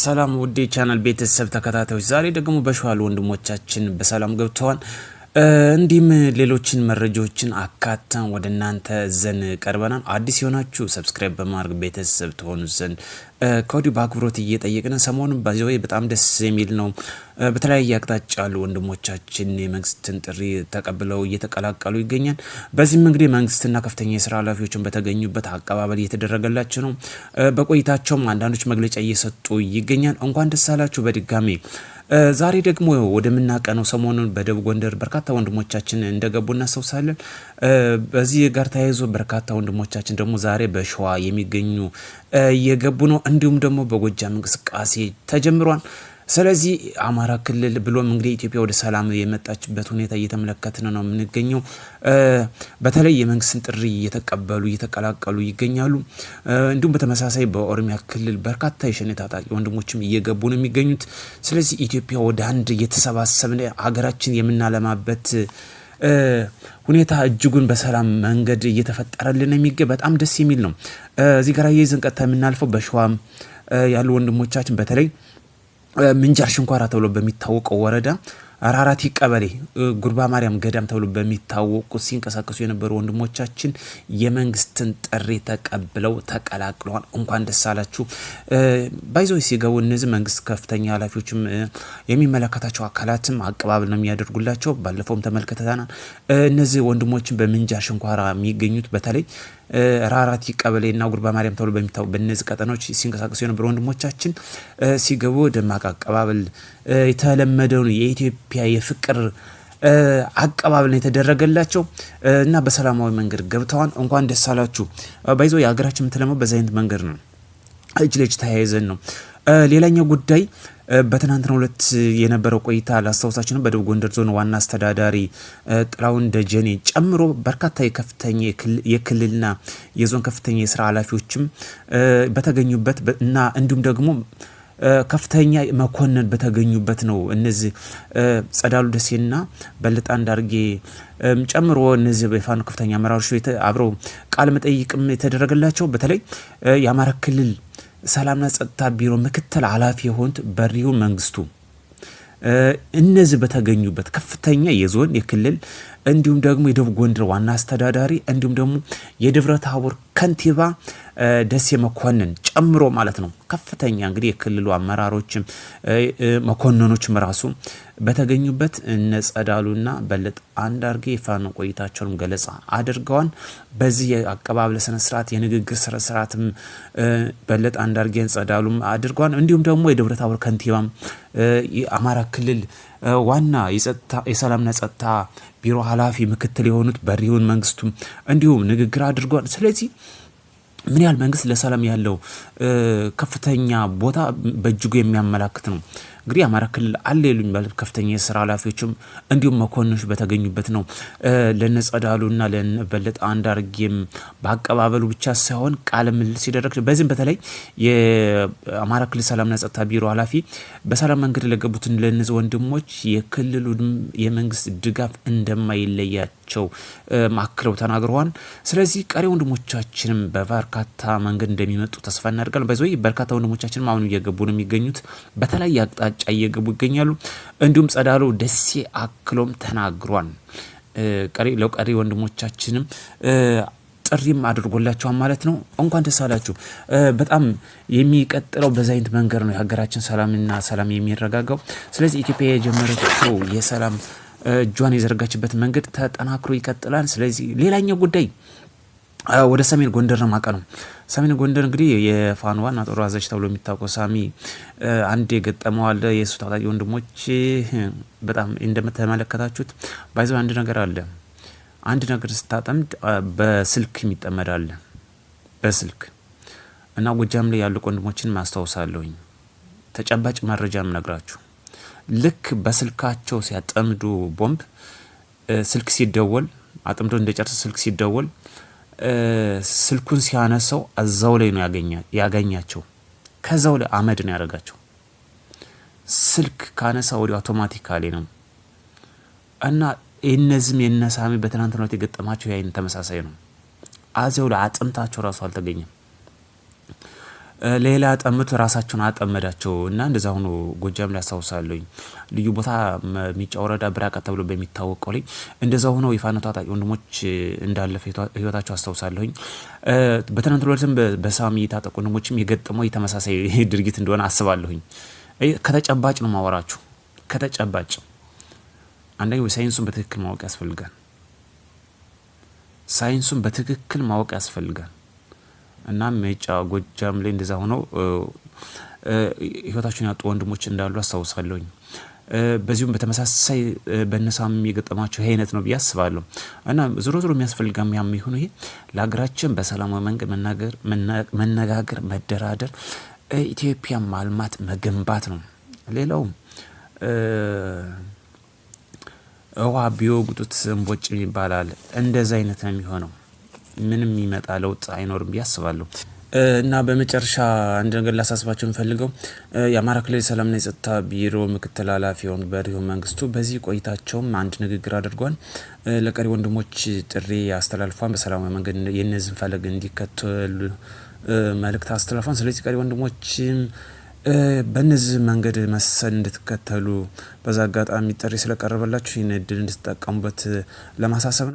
ሰላም ውዴ ቻናል ቤተሰብ ተከታታዮች፣ ዛሬ ደግሞ በሸዋል ወንድሞቻችን በሰላም ገብተዋል። እንዲሁም ሌሎችን መረጃዎችን አካተን ወደ እናንተ ዘን ቀርበናል። አዲስ የሆናችሁ ሰብስክራይብ በማድረግ ቤተሰብ ትሆኑ ዘንድ ከወዲሁ በአክብሮት እየጠየቅን ሰሞኑን በጣም ደስ የሚል ነው በተለያየ አቅጣጫ ያሉ ወንድሞቻችን የመንግስትን ጥሪ ተቀብለው እየተቀላቀሉ ይገኛል። በዚህም እንግዲህ መንግስትና ከፍተኛ የስራ ኃላፊዎችን በተገኙበት አቀባበል እየተደረገላቸው ነው። በቆይታቸውም አንዳንዶች መግለጫ እየሰጡ ይገኛል። እንኳን ደስ አላችሁ በድጋሚ ዛሬ ደግሞ ወደምናቀነው ሰሞኑን በደቡብ ጎንደር በርካታ ወንድሞቻችን እንደገቡ እናስታውሳለን። በዚህ ጋር ተያይዞ በርካታ ወንድሞቻችን ደግሞ ዛሬ በሸዋ የሚገኙ እየገቡ ነው። እንዲሁም ደግሞ በጎጃም እንቅስቃሴ ተጀምሯል። ስለዚህ አማራ ክልል ብሎም እንግዲህ ኢትዮጵያ ወደ ሰላም የመጣችበት ሁኔታ እየተመለከትን ነው የምንገኘው። በተለይ የመንግስትን ጥሪ እየተቀበሉ እየተቀላቀሉ ይገኛሉ። እንዲሁም በተመሳሳይ በኦሮሚያ ክልል በርካታ የሸኔ ታጣቂ ወንድሞችም እየገቡ ነው የሚገኙት። ስለዚህ ኢትዮጵያ ወደ አንድ እየተሰባሰብን ሀገራችን የምናለማበት ሁኔታ እጅጉን በሰላም መንገድ እየተፈጠረልን የሚገ በጣም ደስ የሚል ነው። እዚህ ጋር የይዘን ቀጥታ የምናልፈው በሸዋም ያሉ ወንድሞቻችን በተለይ ምንጃር ሽንኳራ ተብሎ በሚታወቀው ወረዳ አራራት ቀበሌ ጉርባ ማርያም ገዳም ተብሎ በሚታወቁ ሲንቀሳቀሱ የነበሩ ወንድሞቻችን የመንግስትን ጥሪ ተቀብለው ተቀላቅለዋል። እንኳን ደስ አላችሁ። ባይዞ ሲገቡ እነዚህ መንግስት ከፍተኛ ኃላፊዎችም የሚመለከታቸው አካላትም አቀባበል ነው የሚያደርጉላቸው። ባለፈውም ተመልክተናል። እነዚህ ወንድሞችን በምንጃር ሽንኳራ የሚገኙት በተለይ ራራቲ ቀበሌና ጉርባ ማርያም ተብሎ በሚታወ በእነዚህ ቀጠናዎች ሲንቀሳቀሱ የነበሩ ወንድሞቻችን ሲገቡ ደማቅ አቀባበል የተለመደውን የኢትዮጵያ የኢትዮጵያ የፍቅር አቀባበል የተደረገላቸው እና በሰላማዊ መንገድ ገብተዋል። እንኳን ደስ አላችሁ። ባይዞ የሀገራችን የምትለመው በዚ አይነት መንገድ ነው፣ እጅ ለእጅ ተያይዘን ነው። ሌላኛው ጉዳይ በትናንትና ሁለት የነበረው ቆይታ ላስታውሳችሁ ነው። በደቡብ ጎንደር ዞን ዋና አስተዳዳሪ ጥላውን ደጀኔ ጨምሮ በርካታ የከፍተኛ የክልልና የዞን ከፍተኛ የስራ ኃላፊዎችም በተገኙበት እና እንዲሁም ደግሞ ከፍተኛ መኮንን በተገኙበት ነው እነዚህ ጸዳሉ ደሴና በልጣ እንዳርጌ ጨምሮ እነዚህ በፋኖ ከፍተኛ አመራሮች አብረው ቃለ መጠይቅም የተደረገላቸው በተለይ የአማራ ክልል ሰላምና ጸጥታ ቢሮ ምክትል ኃላፊ የሆኑት በሪው መንግስቱ እነዚህ በተገኙበት ከፍተኛ የዞን የክልል እንዲሁም ደግሞ የደቡብ ጎንደር ዋና አስተዳዳሪ እንዲሁም ደግሞ የደብረ ታቦር ከንቲባ ደሴ መኮንን ጨምሮ ማለት ነው ከፍተኛ እንግዲህ የክልሉ አመራሮችም መኮንኖችም ራሱ በተገኙበት እነ ጸዳሉና በለጥ አንዳርጌ የፋኖ ቆይታቸውንም ገለጻ አድርገዋል። በዚህ የአቀባበለ ስነስርዓት የንግግር ስነስርዓትም በለጥ አንዳርጌን ጸዳሉም አድርገዋል። እንዲሁም ደግሞ የደብረ ታቦር ከንቲባም የአማራ ክልል ዋና የሰላምና ጸጥታ ቢሮ ኃላፊ ምክትል የሆኑት በሪሁን መንግስቱም እንዲሁም ንግግር አድርጓል። ስለዚህ ምን ያህል መንግስት ለሰላም ያለው ከፍተኛ ቦታ በእጅጉ የሚያመላክት ነው። እንግዲህ አማራ ክልል አለ የሉኝ ባለ ከፍተኛ የስራ ኃላፊዎችም እንዲሁም መኮንኖች በተገኙበት ነው። ለነጸዳሉና ለነበለጠ አንዳርጌም በአቀባበሉ ብቻ ሳይሆን ቃለ ምልልስ ሲደረግ በዚህም በተለይ የአማራ ክልል ሰላምና ጸጥታ ቢሮ ኃላፊ በሰላም መንገድ ለገቡትን ለእነዚህ ወንድሞች የክልሉን የመንግስት ድጋፍ እንደማይለያቸው ማክለው ተናግረዋል። ስለዚህ ቀሪ ወንድሞቻችንም በበርካታ መንገድ እንደሚመጡ ተስፋ እናደርጋል። በዚ በርካታ ወንድሞቻችንም አሁን እየገቡ ነው የሚገኙት በተለያየ አቅጣ አቅጣጫ እየገቡ ይገኛሉ። እንዲሁም ጸዳሉ ደሴ አክሎም ተናግሯል። ቀሪ ለቀሪ ወንድሞቻችንም ጥሪም አድርጎላቸዋል ማለት ነው። እንኳን ደስ አላችሁ። በጣም የሚቀጥለው በዛ አይነት መንገድ ነው የሀገራችን ሰላምና ሰላም የሚረጋጋው። ስለዚህ ኢትዮጵያ የጀመረችው የሰላም እጇን የዘረጋችበት መንገድ ተጠናክሮ ይቀጥላል። ስለዚህ ሌላኛው ጉዳይ ወደ ሰሜን ጎንደር ነው ነው። ሰሜን ጎንደር እንግዲህ የፋኖ ዋና ጦር አዛዥ ተብሎ የሚታወቀው ሳሚ አንድ የገጠመው አለ። የእሱ ታጣቂ ወንድሞች በጣም እንደምተመለከታችሁት ባይዘው አንድ ነገር አለ። አንድ ነገር ስታጠምድ በስልክ የሚጠመድ አለ። በስልክ እና ጎጃም ላይ ያሉ ወንድሞችን ማስታወሳለሁኝ። ተጨባጭ መረጃ ምነግራችሁ ልክ በስልካቸው ሲያጠምዱ ቦምብ ስልክ ሲደወል አጥምዶ እንደጨርስ ስልክ ሲደወል ስልኩን ሲያነሳው እዛው ላይ ነው ያገኛቸው። ከዛው ላይ አመድ ነው ያደረጋቸው። ስልክ ካነሳ ወዲያው አውቶማቲካሊ ነው እና የእነዚህም የነሳሚ በትናንትናት የገጠማቸው ያይን ተመሳሳይ ነው። አዚያው ላይ አጥንታቸው ራሱ አልተገኘም። ሌላ ጠምት ራሳቸውን አጠመዳቸው እና እንደዛ ሆኖ ጎጃም ላይ ያስታውሳለኝ ልዩ ቦታ ሚጫ ወረዳ ብራቃ ተብሎ በሚታወቀው ላይ እንደዛ ሆኖ የፋኖ ታጣቂ ወንድሞች እንዳለፈ ህይወታቸው አስታውሳለሁኝ። በትናንት ሁለትም በሳሚ ታጠቁ ወንድሞችም የገጠመው የተመሳሳይ ድርጊት እንደሆነ አስባለሁኝ። ከተጨባጭ ነው ማወራችሁ። ከተጨባጭ አንደኛ ሳይንሱን በትክክል ማወቅ ያስፈልጋል። ሳይንሱን በትክክል ማወቅ ያስፈልጋል። እናም ሜጫ ጎጃም ላይ እንደዛ ሆነው ህይወታቸውን ያጡ ወንድሞች እንዳሉ አስታውሳለሁኝ። በዚሁም በተመሳሳይ በነሳም የገጠማቸው ይህ አይነት ነው ብዬ አስባለሁ። እና ዞሮ ዞሮ የሚያስፈልጋ ያም ይሁኑ ይሄ ለሀገራችን በሰላማዊ መንገድ መነጋገር፣ መደራደር፣ ኢትዮጵያ ማልማት መገንባት ነው። ሌላው ውሃ ቢወጉጡት እምቦጭ ይባላል። እንደዚ አይነት ነው የሚሆነው። ምንም የሚመጣ ለውጥ አይኖርም ብዬ አስባለሁ። እና በመጨረሻ አንድ ነገር ላሳስባቸው የምፈልገው የአማራ ክልል ሰላምና የጸጥታ ቢሮ ምክትል ኃላፊ የሆኑ በሪሁን መንግስቱ በዚህ ቆይታቸውም አንድ ንግግር አድርጓል። ለቀሪ ወንድሞች ጥሪ አስተላልፏን በሰላማዊ መንገድ የእነዚህን ፈለግ እንዲከተሉ መልእክት አስተላልፏን። ስለዚህ ቀሪ ወንድሞችም በእነዚህ መንገድ መሰል እንድትከተሉ በዛ አጋጣሚ ጥሪ ስለቀረበላችሁ ይህን እድል እንድትጠቀሙበት ለማሳሰብ ነው።